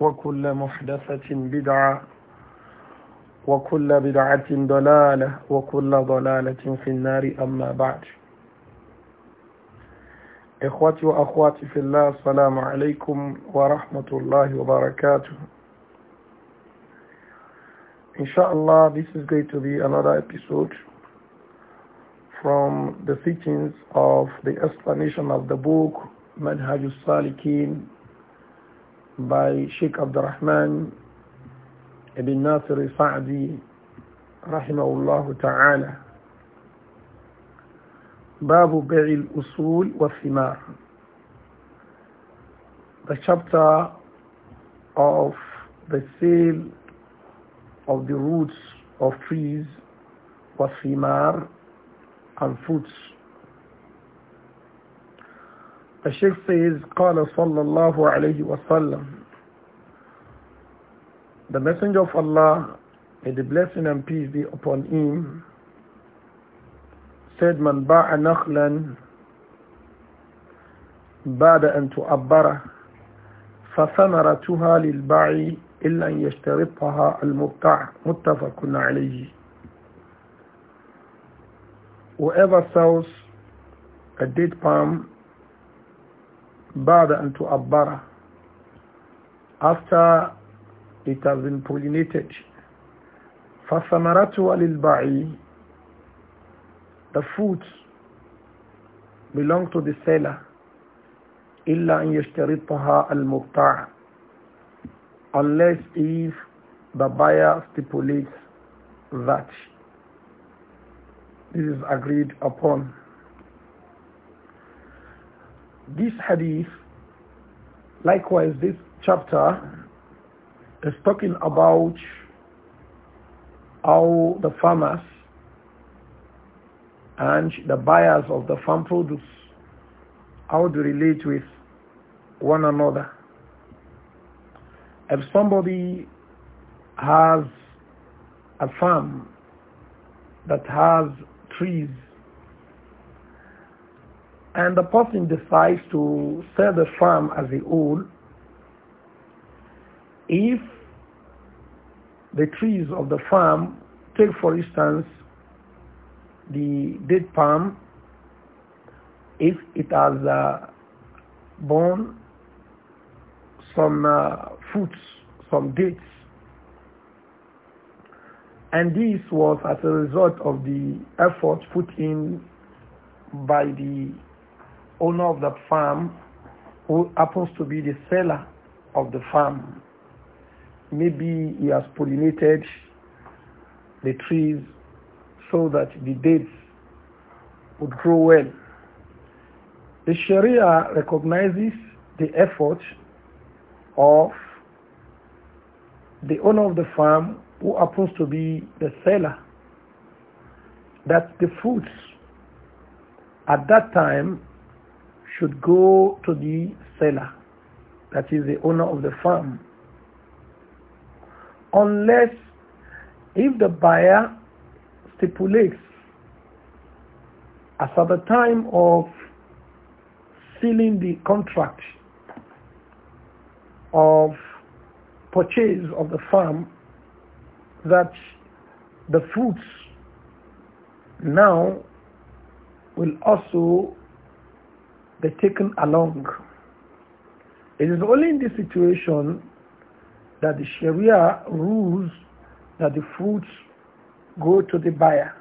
وكل محدثة بدعة وكل بدعة ضلالة وكل ضلالة في النار أما بعد إخوتي وأخواتي في الله السلام عليكم ورحمة الله وبركاته الله this is going to be another episode from the teachings of the explanation of the book Manhaj al-Salikin by Sheikh Abdurrahman ibn Nasir Sa'di rahimahullah ta'ala باب بيع الأصول والثمار the chapter of the sale of the roots of trees والثمار and fruits the Sheikh says, قال صلى الله عليه وسلم The Messenger of Allah, may the blessing and peace be upon him, said, من باع نخلا بعد أن تؤبره فثمرتها للباعي إلا أن يشترطها متفق عليه Whoever sells a date palm بعد أن تؤبر after it has been pollinated فثمرته للبعي the fruits belong to the seller إلا أن يشترطها المبتاع unless if the buyer stipulates that this is agreed upon this hadith, likewise this chapter, is talking about how the farmers and the buyers of the farm produce, how to relate with one another. If somebody has a farm that has trees and the person decides to sell the farm as a whole, if the trees of the farm, take for instance the date palm, if it has uh, borne some uh, fruits, some dates, and this was as a result of the effort put in by the owner of that farm who happens to be the seller of the farm. Maybe he has pollinated the trees so that the dates would grow well. The Sharia recognizes the effort of the owner of the farm who happens to be the seller that the fruits at that time should go to the seller, that is the owner of the farm. Unless if the buyer stipulates as at the time of sealing the contract of purchase of the farm that the fruits now will also be taken along. It is only in this situation that the Sharia rules that the fruits go to the buyer.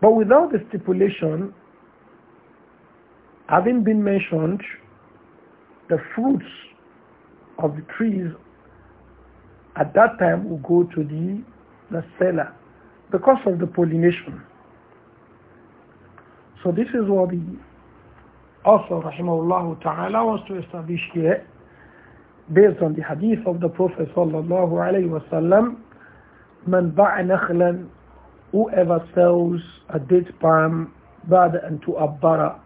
But without the stipulation, having been mentioned, the fruits of the trees at that time will go to the, the seller because of the pollination. So this is what the also rahimahullah ta'ala wants to establish here based on the hadith of the Prophet sallallahu alayhi wasallam man ba'a nakhlan whoever sells a date palm ba'da an tu'abbara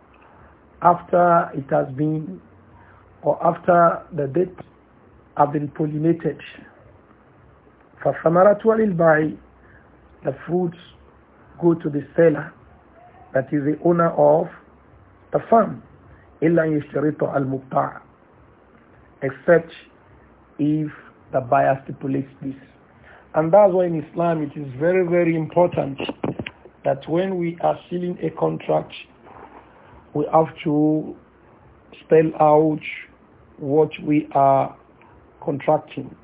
after it has been or after the date have been pollinated فَثَمَرَةُ لِلْبَعِ the fruits go to the seller that is the owner of the firm إلا يشترط المبتاع except if the buyer stipulates this and that's why in Islam it is very very important that when we are sealing a contract we have to spell out what we are contracting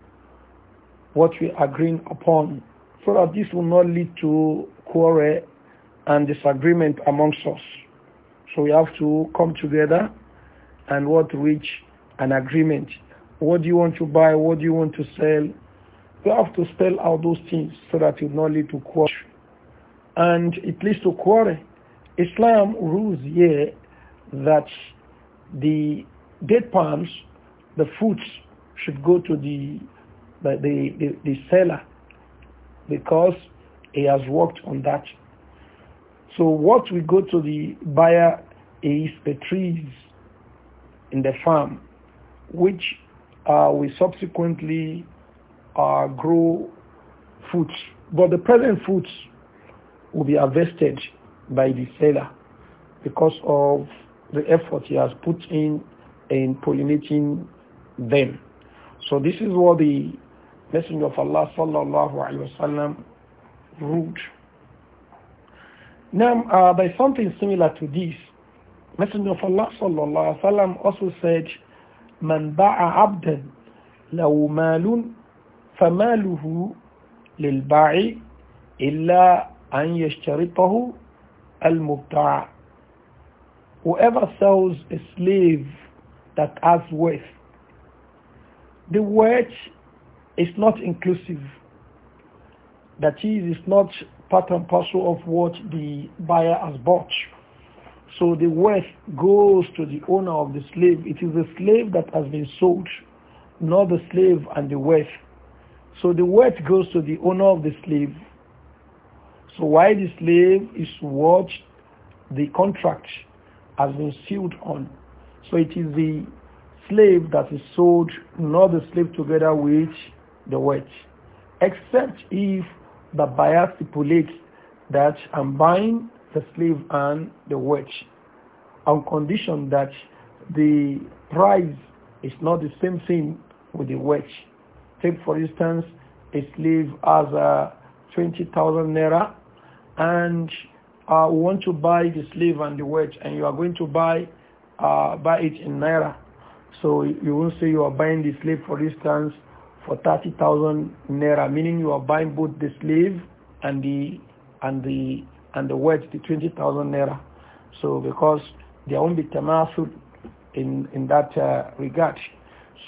what we are agreeing upon so that this will not lead to quarrel and disagreement amongst us so we have to come together and what reach an agreement. What do you want to buy? What do you want to sell? You have to spell out those things so that you not lead to quarrel. And it leads to quarrel. Islam rules here that the date palms, the fruits, should go to the the, the, the, the seller because he has worked on that so what we go to the buyer is the trees in the farm, which uh, we subsequently uh, grow fruits. But the present fruits will be harvested by the seller because of the effort he has put in in pollinating them. So this is what the Messenger of Allah sallallahu alaihi wasallam ruled now, uh, by something similar to this, Messenger of Allah sallallahu alaihi wasallam also said, "Man ba'a abdan lahu malun, famaluhu lil ba'i illa an yashtaritahu al mubta'a." Whoever sells a slave that has worth, the word is not inclusive. That is, it's not part and parcel of what the buyer has bought. So the worth goes to the owner of the slave. It is the slave that has been sold, not the slave and the worth. So the worth goes to the owner of the slave. So why the slave is what the contract has been sealed on. So it is the slave that is sold, not the slave together with the worth. Except if the buyer stipulates that I'm buying the slave and the wage on condition that the price is not the same thing with the wage. Take for instance, a slave has a uh, 20,000 naira and uh, want to buy the slave and the wage and you are going to buy uh, buy it in naira. So you won't say you are buying the slave for instance for 30,000 naira, meaning you are buying both the slave and the and the and the wedge, the 20,000 naira. So because there won't be in in that uh, regard.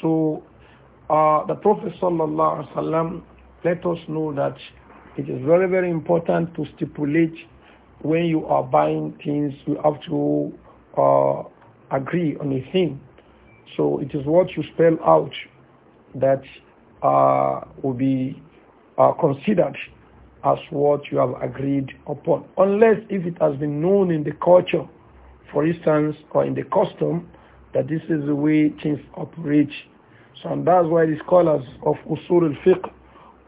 So uh, the Prophet sallallahu alaihi wasallam let us know that it is very very important to stipulate when you are buying things you have to uh, agree on a thing. So it is what you spell out that uh, will be uh, considered as what you have agreed upon, unless if it has been known in the culture, for instance, or in the custom, that this is the way things operate. So and that's why the scholars of Usul al-Fiqh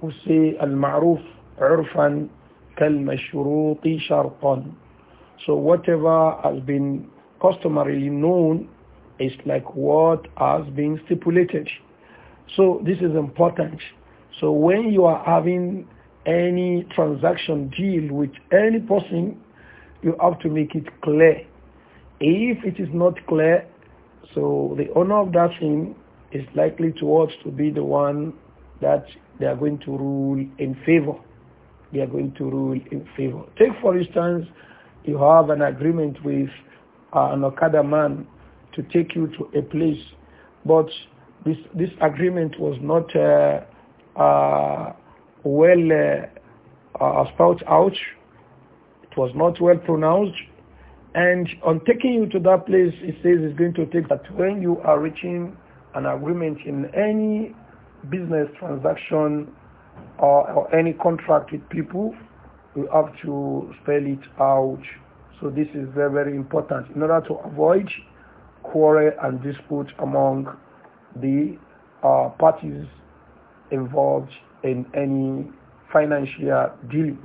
who say al-ma'ruf urfan kal-mashruti sharqan. So whatever has been customarily known is like what has been stipulated. So this is important. So when you are having any transaction deal with any person, you have to make it clear. If it is not clear, so the owner of that thing is likely towards to be the one that they are going to rule in favor. They are going to rule in favor. Take for instance, you have an agreement with an Okada man to take you to a place, but this, this agreement was not uh, uh, well uh, uh, spout out. It was not well pronounced. And on taking you to that place, it says it's going to take that when you are reaching an agreement in any business transaction or, or any contract with people, you have to spell it out. So this is very, very important in order to avoid quarrel and dispute among the uh, parties involved in any financial dealings.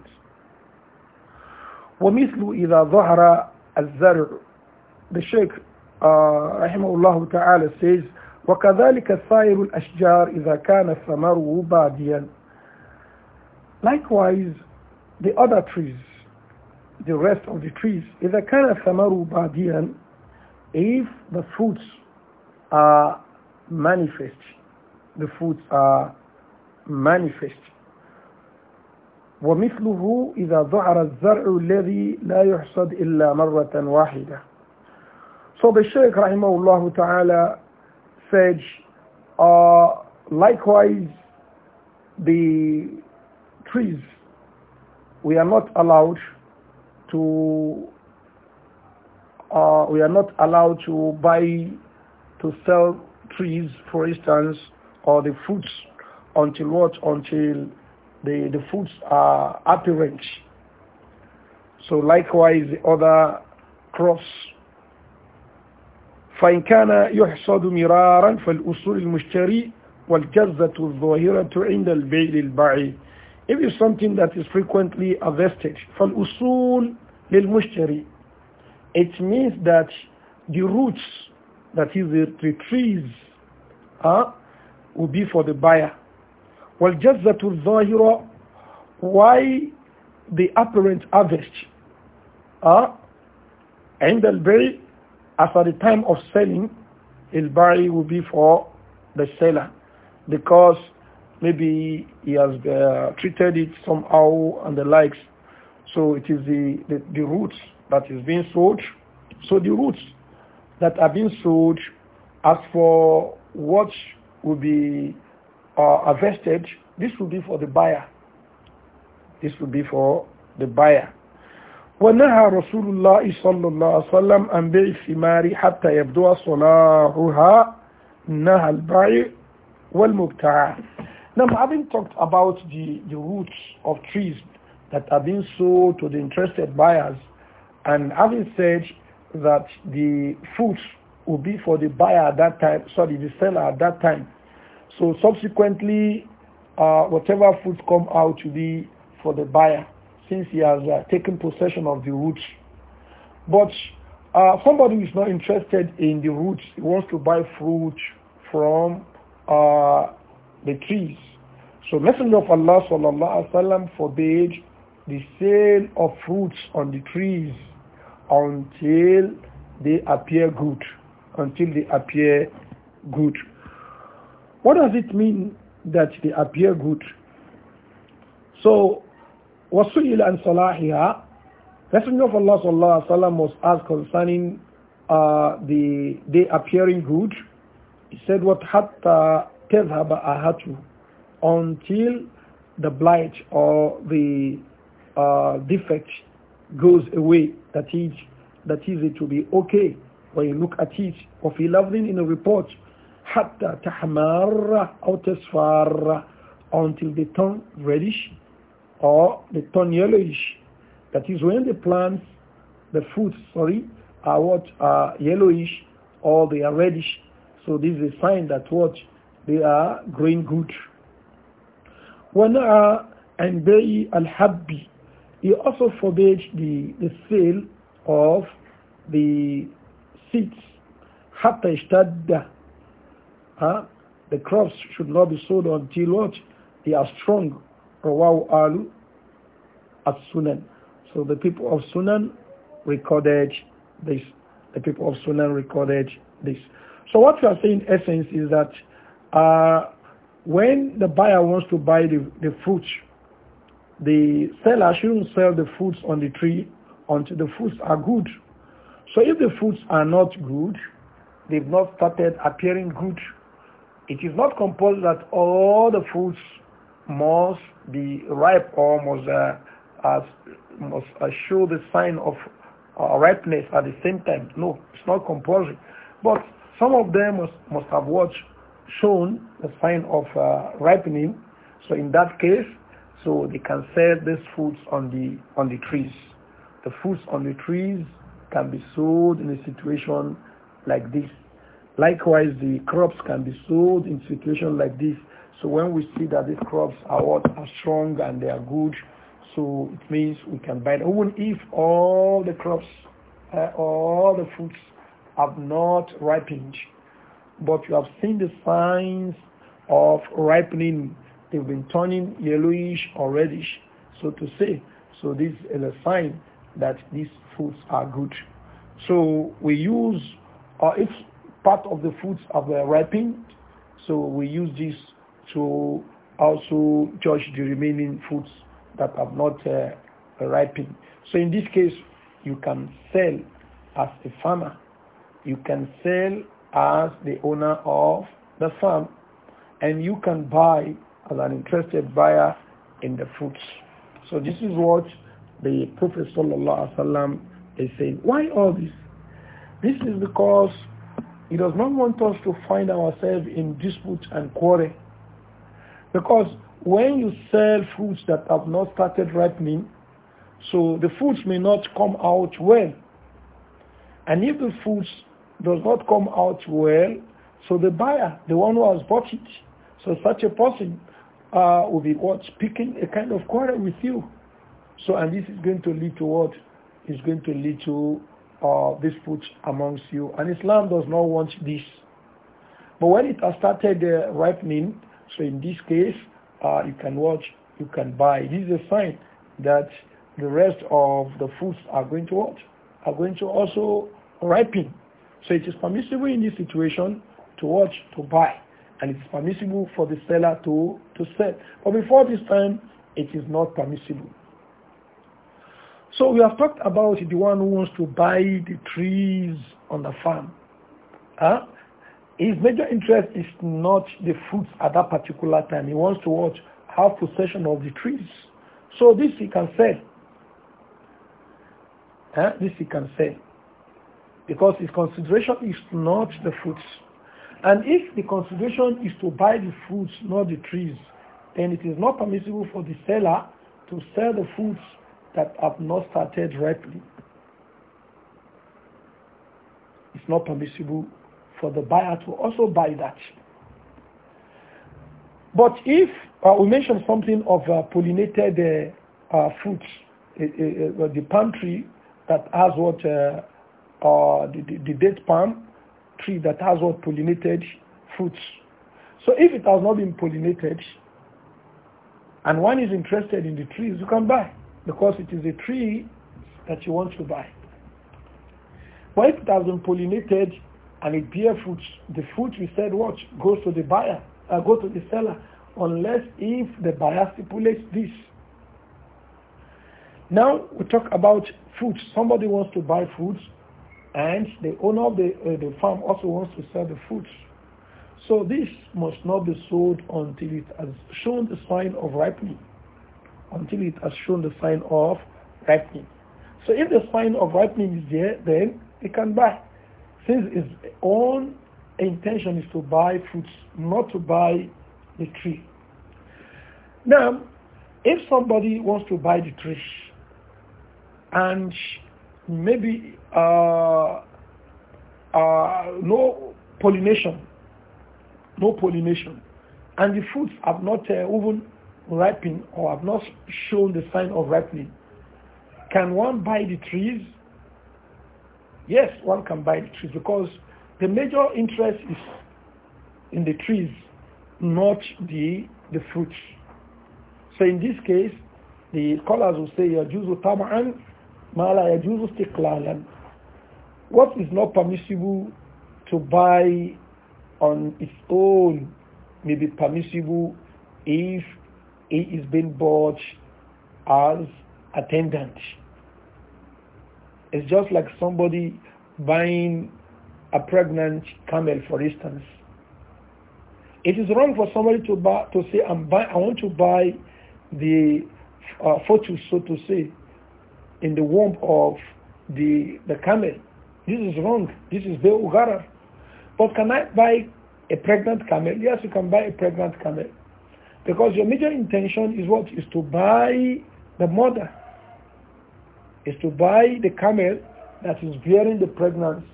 ومثل إذا ظهر الزرع the Sheikh uh, رحمه الله تعالى says وكذلك سائر الأشجار إذا كان ثمره باديا Likewise, the other trees, the rest of the trees, إذا كان ثمره باديا, if the fruits are manifest. The fruits are manifest. ومثله إذا ظهر الزرع الذي لا يحصد إلا مرة واحدة. So the Shaykh rahimahullah ta'ala said, uh, likewise the trees, we are not allowed to uh, we are not allowed to buy to sell trees, for instance, or the fruits until what? Until the, the fruits are apparent. So likewise the other crops. فإن كان يحصد مرارا فالأصول المشتري والجزة الظاهرة عند البيع للبيع If it's something that is frequently harvested, فالأصول للمشتري It means that the roots that is the trees, uh, will be for the buyer. just وَالْجَزَّةُ الظَّاهِرَةُ Why the apparent harvest uh, the البيع as at the time of selling the buyer will be for the seller because maybe he has uh, treated it somehow and the likes so it is the, the, the roots that is being sold so the roots that are being sold as for what will be uh, vestige, this will be for the buyer. This will be for the buyer. ونهى رسول الله صلى الله عليه وسلم عن بيع الثمار حتى يبدو صلاحها نهى البيع والمبتاع. Now, having talked about the, the roots of trees that are being sold to the interested buyers, and having said that the fruits will be for the buyer at that time, sorry, the seller at that time. So subsequently, uh, whatever fruits come out will be for the buyer since he has uh, taken possession of the roots. But uh, somebody who is not interested in the roots, he wants to buy fruit from uh, the trees. So Messenger of Allah sallallahu alaihi wasallam forbade the sale of fruits on the trees until they appear good. Until they appear good. What does it mean that they appear good? So, وَسُئِلَ أَنْ صَلَاحِهَا Messenger of Allah sallallahu alaihi wasallam was asked concerning uh, the day appearing good. He said, "What hatta tezhaba ahatu, until the blight or the uh, defect goes away, that is, that is it will be okay when you look at it. Of he loved in a report, حتى تحمر أو تصفر until they turn reddish or they turn yellowish. That is when the plants, the fruits, sorry, are what are yellowish or they are reddish. So this is a sign that what they are growing good. ونعى عن بيع الحب he also forbade the, the sale of the seeds. Hatta ishtadda. Huh? The crops should not be sold until what? They are strong. Rawahu alu at Sunan. So the people of Sunan recorded this. The people of Sunan recorded this. So what we are saying in essence is that uh, when the buyer wants to buy the, the fruit the seller shouldn't sell the fruits on the tree until the fruits are good. So if the fruits are not good, they've not started appearing good, it is not compulsory that all the fruits must be ripe or must, uh, must uh, show the sign of uh, ripeness at the same time. No, it's not compulsory. But some of them must, must have what? Shown the sign of uh, ripening. So in that case, so they can sell these fruits on the on the trees. The fruits on the trees can be sold in a situation like this. Likewise, the crops can be sold in situation like this. So when we see that these crops are what are strong and they are good, so it means we can buy them. Even if all the crops, uh, all the fruits have not ripened, but you have seen the signs of ripening they've been turning yellowish or reddish, so to say. So this is a sign that these foods are good. So we use, or uh, if part of the foods are ripened, so we use this to also judge the remaining foods that have not uh, ripened. So in this case, you can sell as a farmer. You can sell as the owner of the farm. And you can buy as an interested buyer in the fruits. So this is what the Prophet ﷺ is saying. Why all this? This is because he does not want us to find ourselves in dispute and quarrel. Because when you sell fruits that have not started ripening, so the fruits may not come out well. And if the fruits does not come out well, so the buyer, the one who has bought it, so such a person uh, will be what? Speaking a kind of quarrel with you. So, and this is going to lead to what? It's going to lead to uh, disputes amongst you. And Islam does not want this. But when it has started uh, ripening, so in this case, uh, you can watch, you can buy. This is a sign that the rest of the fruits are going to what? Are going to also ripen. So it is permissible in this situation to watch, to buy and it's permissible for the seller to, to sell. But before this time, it is not permissible. So we have talked about the one who wants to buy the trees on the farm. Huh? His major interest is not the fruits at that particular time. He wants to watch, have possession of the trees. So this he can sell. Huh? This he can sell. Because his consideration is not the fruits. And if the consideration is to buy the fruits, not the trees, then it is not permissible for the seller to sell the fruits that have not started ripening. It's not permissible for the buyer to also buy that. But if uh, we mention something of uh, pollinated uh, uh fruits, uh, uh, the palm tree that has what the, the, the date palm tree that has what pollinated fruits. So if it has not been pollinated, and one is interested in the trees, you can buy because it is a tree that you want to buy. But if it has been pollinated and it bears fruits, the fruit we said what goes to the buyer, uh, go to the seller, unless if the buyer stipulates this. Now we talk about fruits. Somebody wants to buy fruits and the owner of the, uh, the farm also wants to sell the fruits. So this must not be sold until it has shown the sign of ripening, until it has shown the sign of ripening. So if the sign of ripening is there, then he can buy. Since his own intention is to buy fruits, not to buy the tree. Now, if somebody wants to buy the tree, and maybe uh, uh, no pollination, no pollination, and the fruits have not uh, even ripened or have not shown the sign of ripening. Can one buy the trees? Yes, one can buy the trees because the major interest is in the trees, not the the fruits. So in this case, the scholars will say yajuzu tama'an ma la yajuzu istiqlalan. What is not permissible to buy on its own may be permissible if it is being bought as attendant. It's just like somebody buying a pregnant camel, for instance. It is wrong for somebody to buy, to say, I'm buy, I want to buy the uh, fetus, so to say, in the womb of the, the camel. This is wrong. This is the ugara. But can I buy a pregnant camel? Yes, you can buy a pregnant camel. Because your major intention is what? Is to buy the mother. Is to buy the camel that is bearing the pregnancy.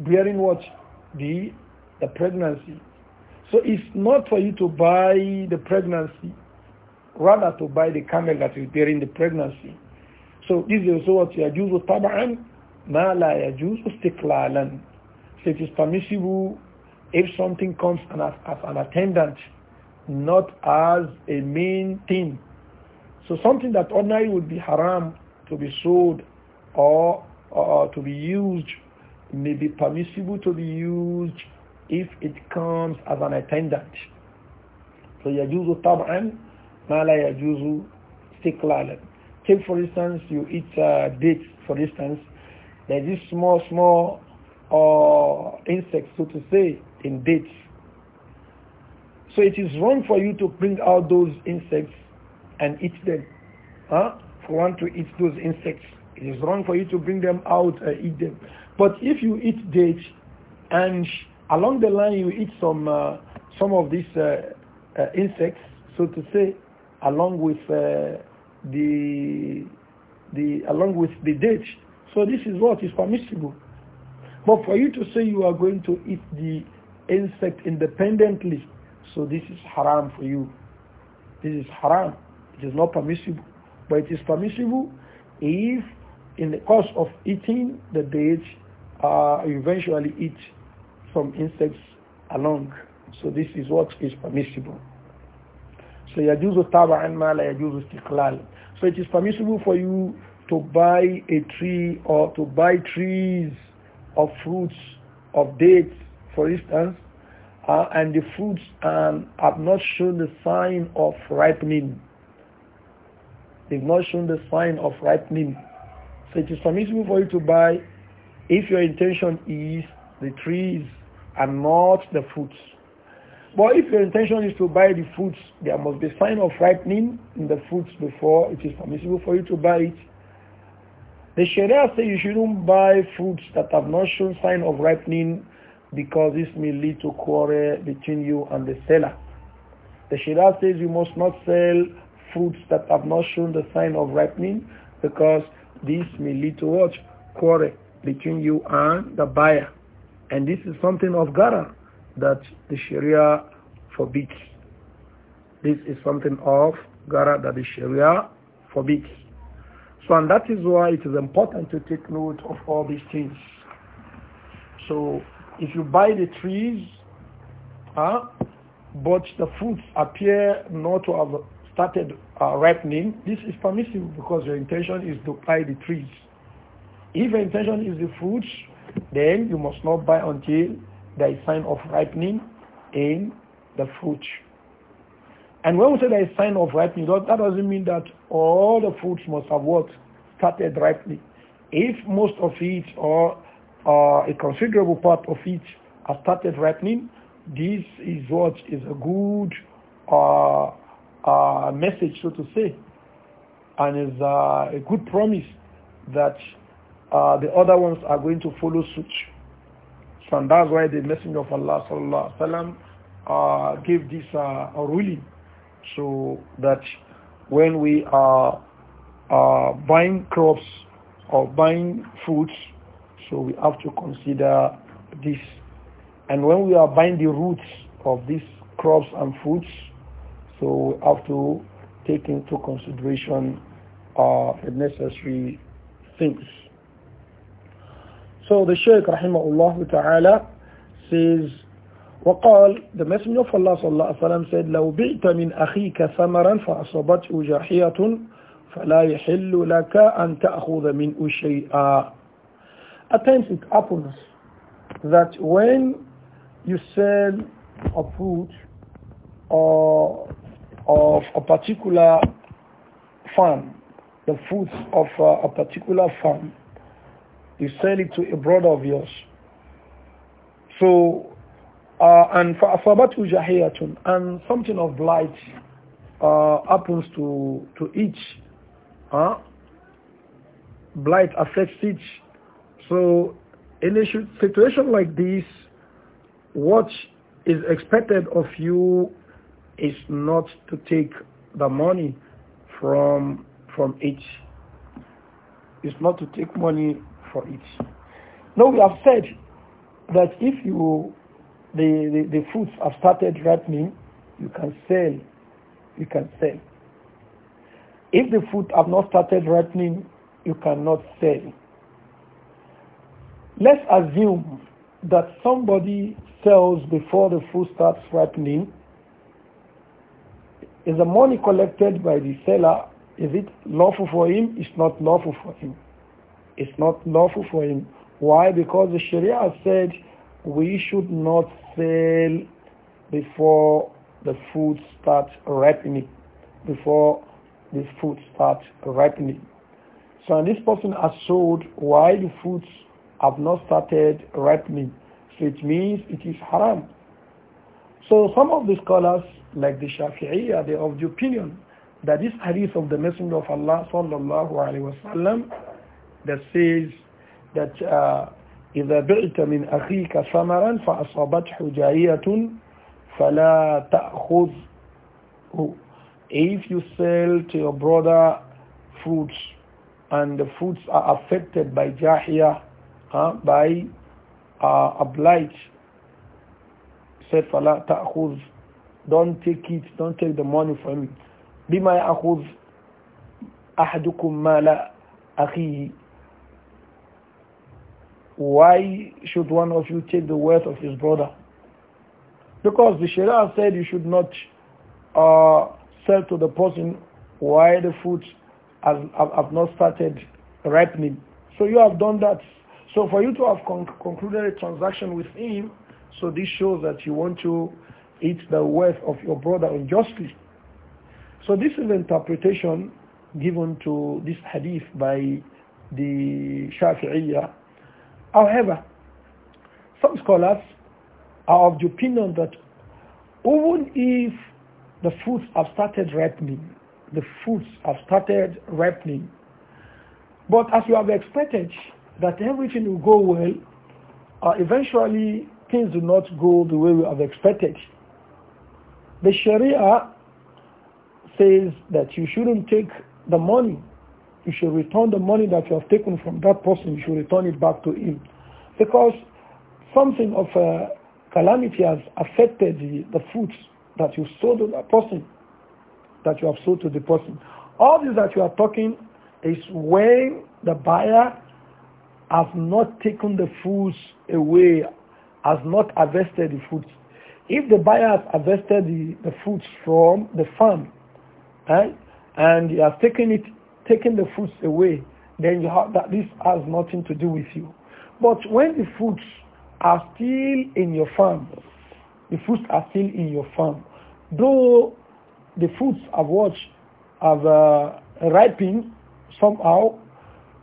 Bearing what? The, the pregnancy. So it's not for you to buy the pregnancy, rather to buy the camel that is bearing the pregnancy. So this is also what you are doing with Taba'an ma la yajuz istiklalan. So it is permissible if something comes as, as an attendant, not as a main thing. So something that ordinarily would be haram to be sold or, or to be used may be permissible to be used if it comes as an attendant. So yajuzu طبعا ما لا يجوز استقلالا. Take for instance, you eat uh, dates for instance, there's this small, small uh, insect, so to say, in dates. So it is wrong for you to bring out those insects and eat them. Huh? For one to eat those insects. It is wrong for you to bring them out and eat them. But if you eat dates and along the line you eat some, uh, some of these uh, uh insects, so to say, along with uh, the the along with the date so this is what is permissible. But for you to say you are going to eat the insect independently, so this is haram for you. This is haram. It is not permissible. But it is permissible if in the course of eating the date, uh, you eventually eat some insects along. So this is what is permissible. So يجوز تابعا ما لا يجوز استقلال. So it is permissible for you to buy a tree or to buy trees of fruits of dates, for instance, uh, and the fruits um, have not shown the sign of ripening. They've not shown the sign of ripening. So it is permissible for you to buy if your intention is the trees and not the fruits. But if your intention is to buy the fruits, there must be sign of ripening in the fruits before it is permissible for you to buy it. The Sharia says you shouldn't buy fruits that have not shown sign of ripening because this may lead to quarrel between you and the seller. The Sharia says you must not sell fruits that have not shown the sign of ripening because this may lead to what? Quarrel between you and the buyer. And this is something of gara that the Sharia forbids. This is something of gara that the Sharia forbids. So, and that is why it is important to take note of all these things. So, if you buy the trees, huh, but the fruits appear not to have started uh, ripening, this is permissible because your intention is to buy the trees. If your intention is the fruits, then you must not buy until there is sign of ripening in the fruit. And when we say there is sign of ripening, that doesn't mean that all the fruits must have what started ripening. If most of it or uh, a considerable part of it has started ripening, this is what is a good uh, uh, message, so to say, and is uh, a good promise that uh, the other ones are going to follow suit. So and that's why the Messenger of Allah sallallahu uh, gave this a ruling so that when we are uh, buying crops or buying fruits, so we have to consider this. And when we are buying the roots of these crops and fruits, so we have to take into consideration uh, the necessary things. So the Shaykh rahimahullah ta'ala says وقال the messenger of Allah صلى الله عليه وسلم said لو بعت من أخيك ثمرا فأصبت جاحية فلا يحل لك أن تأخذ من شيئا At times it happens that when you sell a fruit or of a particular farm, the fruits of a, a particular farm, you sell it to a brother of yours. So Uh, and for فَأَصَابَتْهُ جَهِيَةٌ And something of blight uh, happens to, to each. Huh? Blight affects each. So in a situation like this, what is expected of you is not to take the money from from each. It's not to take money for each. Now we have said that if you the, the, the fruits have started ripening, you can sell. You can sell. If the fruit have not started ripening, you cannot sell. Let's assume that somebody sells before the fruit starts ripening. Is the money collected by the seller, is it lawful for him? It's not lawful for him. It's not lawful for him. Why? Because the Sharia said we should not sell before the food starts ripening. Before this food starts ripening. So and this person has sold while the fruits have not started ripening. So it means it is haram. So some of the scholars, like the Shafi'iyya, they are of the opinion that this hadith of the Messenger of Allah sallallahu alaihi wasallam that says that uh, إذا بعت من أخيك ثمرا فلا If you sell to your brother fruits and the fruits are affected by jahiyah, by uh, a blight, said فلا تأخذ Don't take it, don't take the money from me. بما يأخذ أحدكم مال أخيه why should one of you take the wealth of his brother? Because the Sharia said you should not uh, sell to the person why the food has, have, have not started ripening. So you have done that. So for you to have concluded a transaction with him, so this shows that you want to eat the wealth of your brother unjustly. So this is the interpretation given to this hadith by the Shafi'iyah However, some scholars are of the opinion that even if the fruits have started ripening, the fruits have started ripening, but as you have expected that everything will go well, uh, eventually things do not go the way we have expected. The Sharia says that you shouldn't take the money you should return the money that you have taken from that person, you should return it back to him. Because something of a uh, calamity has affected the, the fruits that you sold to that person, that you have sold to the person. All this that you are talking is when the buyer has not taken the fruits away, has not harvested the fruits. If the buyer has harvested the, the fruits from the farm, eh, and he has taken it taken the fruits away, then you have that this has nothing to do with you. But when the fruits are still in your farm, the fruits are still in your farm, though the fruits have watched have uh, ripened somehow.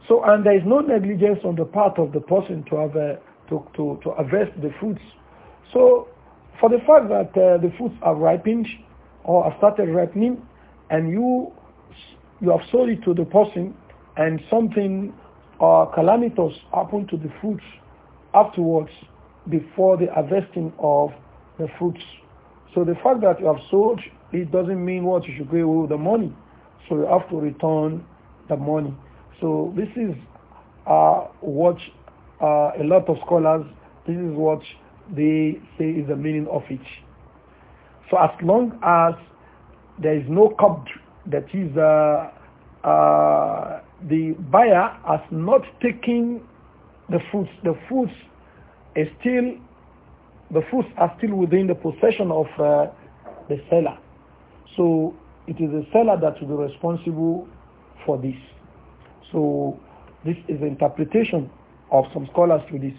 So and there is no negligence on the part of the person to have uh, to, to, to harvest the fruits. So for the fact that uh, the fruits have ripened or have started ripening and you you have sold it to the person and something uh, calamitous happened to the fruits afterwards before the harvesting of the fruits. So the fact that you have sold it doesn't mean what you should give away the money. So you have to return the money. So this is uh, what uh, a lot of scholars, this is what they say is the meaning of it. So as long as there is no qabd that is uh, uh, the buyer has not taken the fruits. The fruits is still the fruits are still within the possession of uh, the seller. So it is the seller that will be responsible for this. So this is the interpretation of some scholars to this.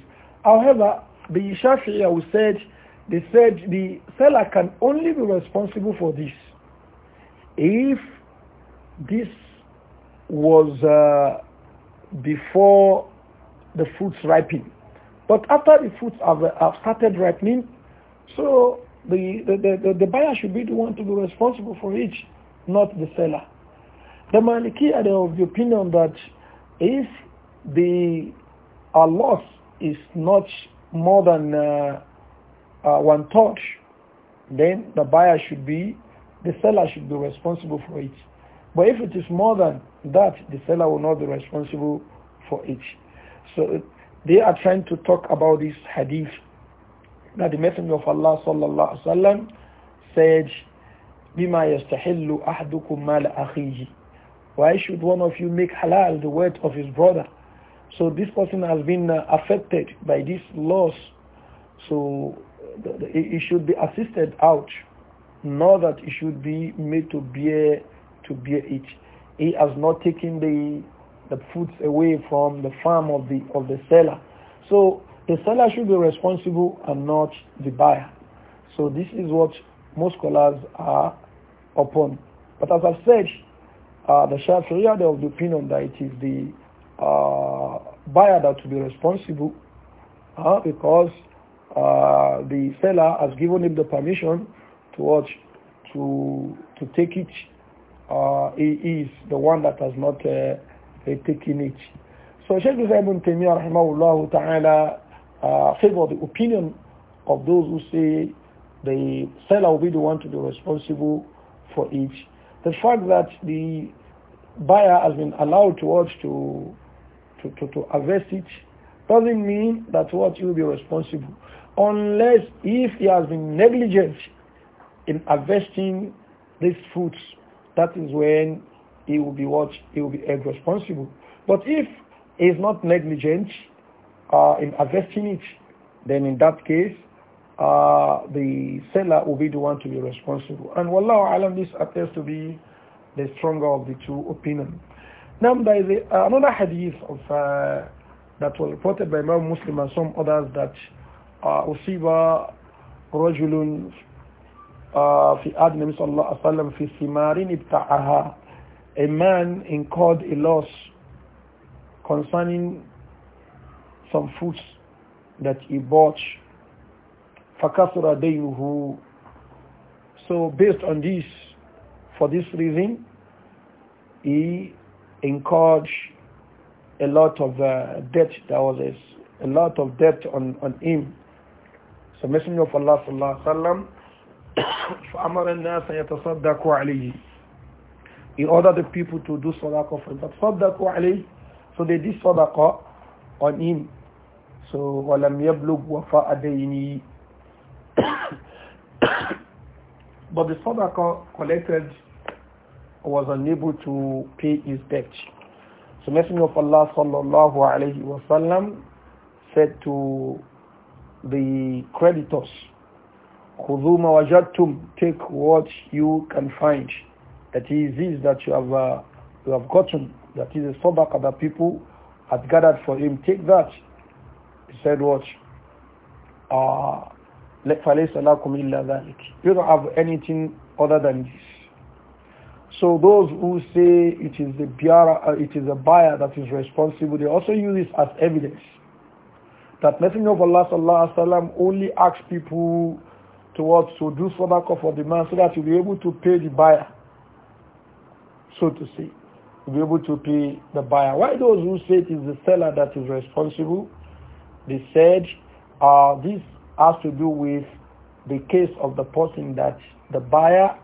However, the Shafi'i who said they said the seller can only be responsible for this if this was uh, before the fruits ripen. But after the fruits have, have started ripening, so the, the, the, the, buyer should be the one to be responsible for it, not the seller. The Maliki are of the opinion that if the a loss is not more than uh, uh, one touch, then the buyer should be, the seller should be responsible for it. But if it is more than that, the seller will not be responsible for it. So they are trying to talk about this hadith Now the Messenger of Allah sallallahu alaihi wasallam said, "Bima yastahillu ahdukum mal akhihi." Why should one of you make halal the wealth of his brother? So this person has been uh, affected by this loss. So it should be assisted out, not that it should be made to bear to bear it. He has not taken the the fruits away from the farm of the of the seller. So the seller should be responsible and not the buyer. So this is what most scholars are upon. But as I've said, uh, the Shafi'iyah of the opinion that it is the uh, buyer that to be responsible uh, because uh, the seller has given him the permission to watch to to take it uh, he is the one that has not uh, uh taken it. So Sheikh Ibn Taymiyyah rahimahullah ta'ala uh, favor the opinion of those who say the seller will be the one to be responsible for it. The fact that the buyer has been allowed to watch to to, to, to it doesn't mean that what he will be responsible unless if he has been negligent in investing these fruits that is when he will be what he will be held responsible. But if he is not negligent uh, in investing it, then in that case, uh, the seller will be the one to be responsible. And wallahu alam, this appears to be the stronger of the two opinions. Now there is a, another hadith of uh, that was reported by Imam Muslim and some others that uh, أصيب رجل في عهد صلى الله عليه وسلم في a man incurred a loss concerning some fruits that he bought فكثر دينه so based on this for this reason he incurred a lot of uh, debt that was a, a lot of debt on, on him so messenger of Allah sallallahu alaihi wasallam فَأَمَرَ النَّاسَ يَتَصَدَّقُ عَلَيْهِ He ordered the people to do sadaqah for him. But صَدَّقُ عَلَيْهِ So they did sadaqah on him. So وَلَمْ يَبْلُغْ وَفَاءَ دَيْنِي But the sadaqah collected was unable to pay his debt. So Messenger of Allah sallallahu alayhi wa sallam said to the creditors, Take what you can find. That is this that you have, uh, you have gotten. That is a sabaqah that people had gathered for him. Take that. He said what? Uh, فَلَيْسَ لَكُمْ إِلَّا ذَلِكِ You don't have anything other than this. So those who say it is the biara, uh, it is the buyer that is responsible, they also use this as evidence that Messenger of Allah sallallahu alaihi wasallam only asks people towards to do sadaqah for the man so that you'll be able to pay the buyer, so to say. You'll be able to pay the buyer. Why those who say it is the seller that is responsible? They said uh, this has to do with the case of the person that the buyer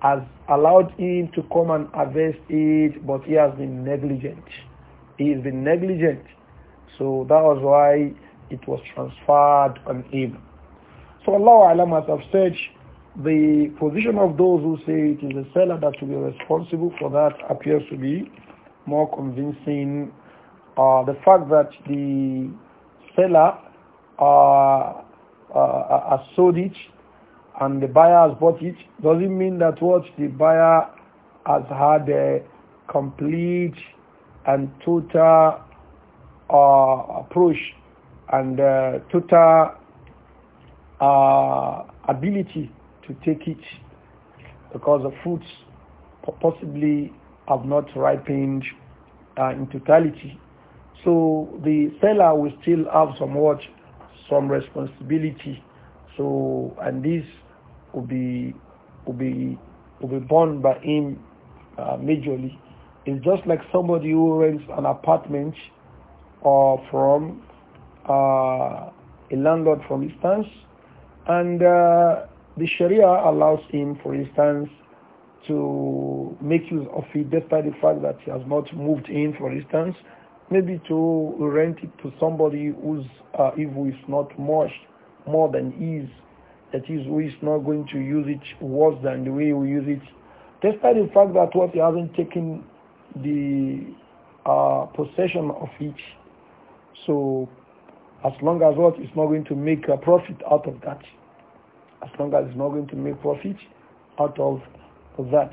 has allowed him to come and invest it, but he has been negligent. He has been negligent. So that was why it was transferred on him. So Allah Alam as I've said, the position of those who say it is the seller that should be responsible for that appears to be more convincing. Uh, the fact that the seller uh, uh, uh, has sold it and the buyer has bought it doesn't mean that what the buyer has had a complete and total uh, approach and uh, total uh, ability to take it because the fruits possibly have not ripened uh, in totality. So the seller will still have somewhat some responsibility. So and this will be will be will be borne by him uh, majorly. It's just like somebody who rents an apartment or from uh, a landlord, for instance, and uh, the Sharia allows him, for instance, to make use of it despite the fact that he has not moved in, for instance, maybe to rent it to somebody whose uh, evil is not much more than his, that is, who is not going to use it worse than the way we use it, despite the fact that what he hasn't taken the uh, possession of it. So as long as what is not going to make a profit out of that. As long as it's not going to make profit out of that.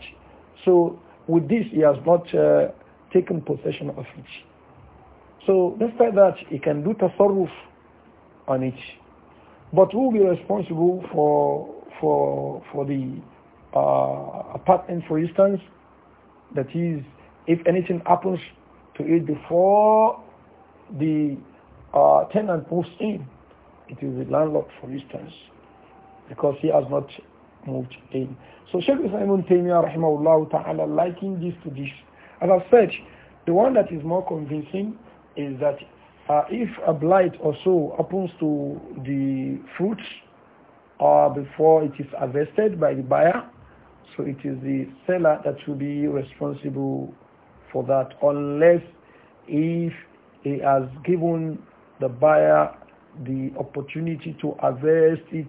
So with this, he has not uh, taken possession of it. So despite that, he can do tasarruf on it. But who will be responsible for for for the uh, apartment, for instance? That is, if anything happens to it before the uh, tenant moves in, it is the landlord, for instance, because he has not moved in. So Sheikh Islam Taymiyyah rahimahullah ta'ala liking this to this. As I said, the one that is more convincing is that uh, if a blight or so happens to the fruits uh, before it is harvested by the buyer, so it is the seller that will be responsible for that unless if he has given the buyer the opportunity to harvest it,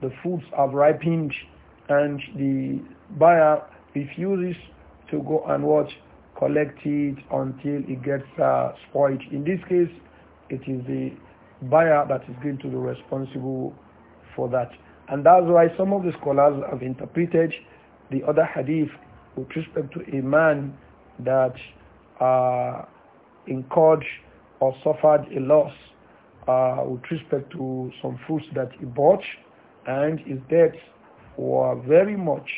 the fruits have ripened, and the buyer refuses to go and watch, collect it until it gets uh, spoiled. In this case, it is the buyer that is going to be responsible for that. And that's why some of the scholars have interpreted the other hadith with respect to a man that uh, encouraged or suffered a loss uh, with respect to some fruits that he bought and his debts were very much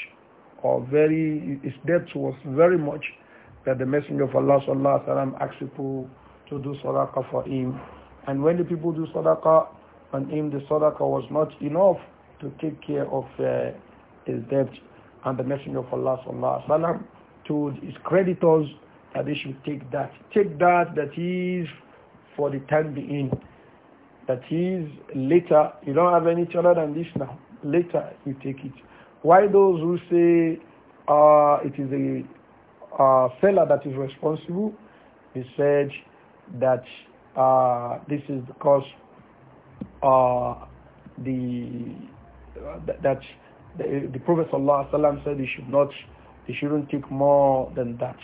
or very his debts was very much that the messenger of Allah sallallahu alaihi wasallam asked people to do sadaqah for him and when the people do sadaqah on him the sadaqah was not enough to take care of uh, his debt and the messenger of Allah sallallahu alaihi wasallam told his creditors that they should take that take that that is for the time being. That is, later, you don't have any other than this now. Later, you take it. Why those who say uh, it is a uh, seller that is responsible? They said that uh, this is because uh, the that the, the Prophet ﷺ said they should not, they shouldn't take more than that.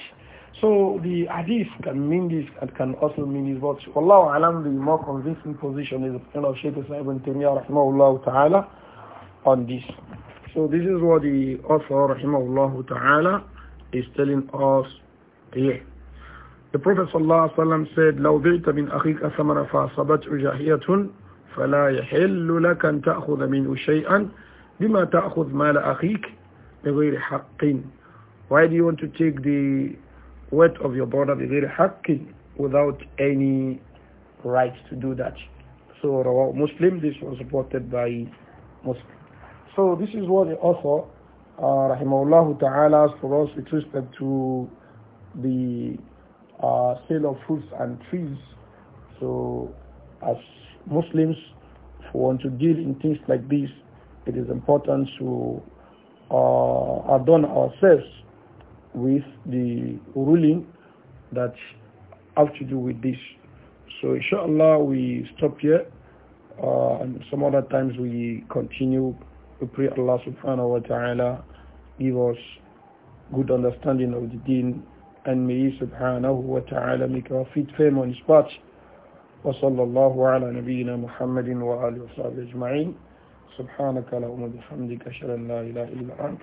So the hadith can mean this and can also mean this, but Allah alam, the more convincing position is the of Shaykh Islam ibn Taymiyyah rahmahullah ta'ala on this. So this is what the author rahimahullah ta'ala is telling us here. The Prophet sallallahu alaihi said, لو بعت من أخيك ثمرة فاصبت جاهية فلا يحل لك أن تأخذ منه شيئا بما تأخذ مال أخيك بغير حق. Why do you want to take the word of your brother بغير hacking without any right to do that. So رواه Muslim, this was supported by Muslim. So this is what the author, uh, rahimahullah ta'ala, for us with respect to the uh, sale of fruits and trees. So as Muslims who want to deal in things like this, it is important to uh, adorn ourselves with the ruling that have to do with this. So inshallah we stop here uh, and some other times we continue. We pray Allah subhanahu wa ta'ala give us good understanding of the deen and may He subhanahu wa ta'ala make our feet firm on His path. وصلى الله على نبينا محمد وآله وصحبه أجمعين سبحانك اللهم وبحمدك أشهد أن لا إله إلا أنت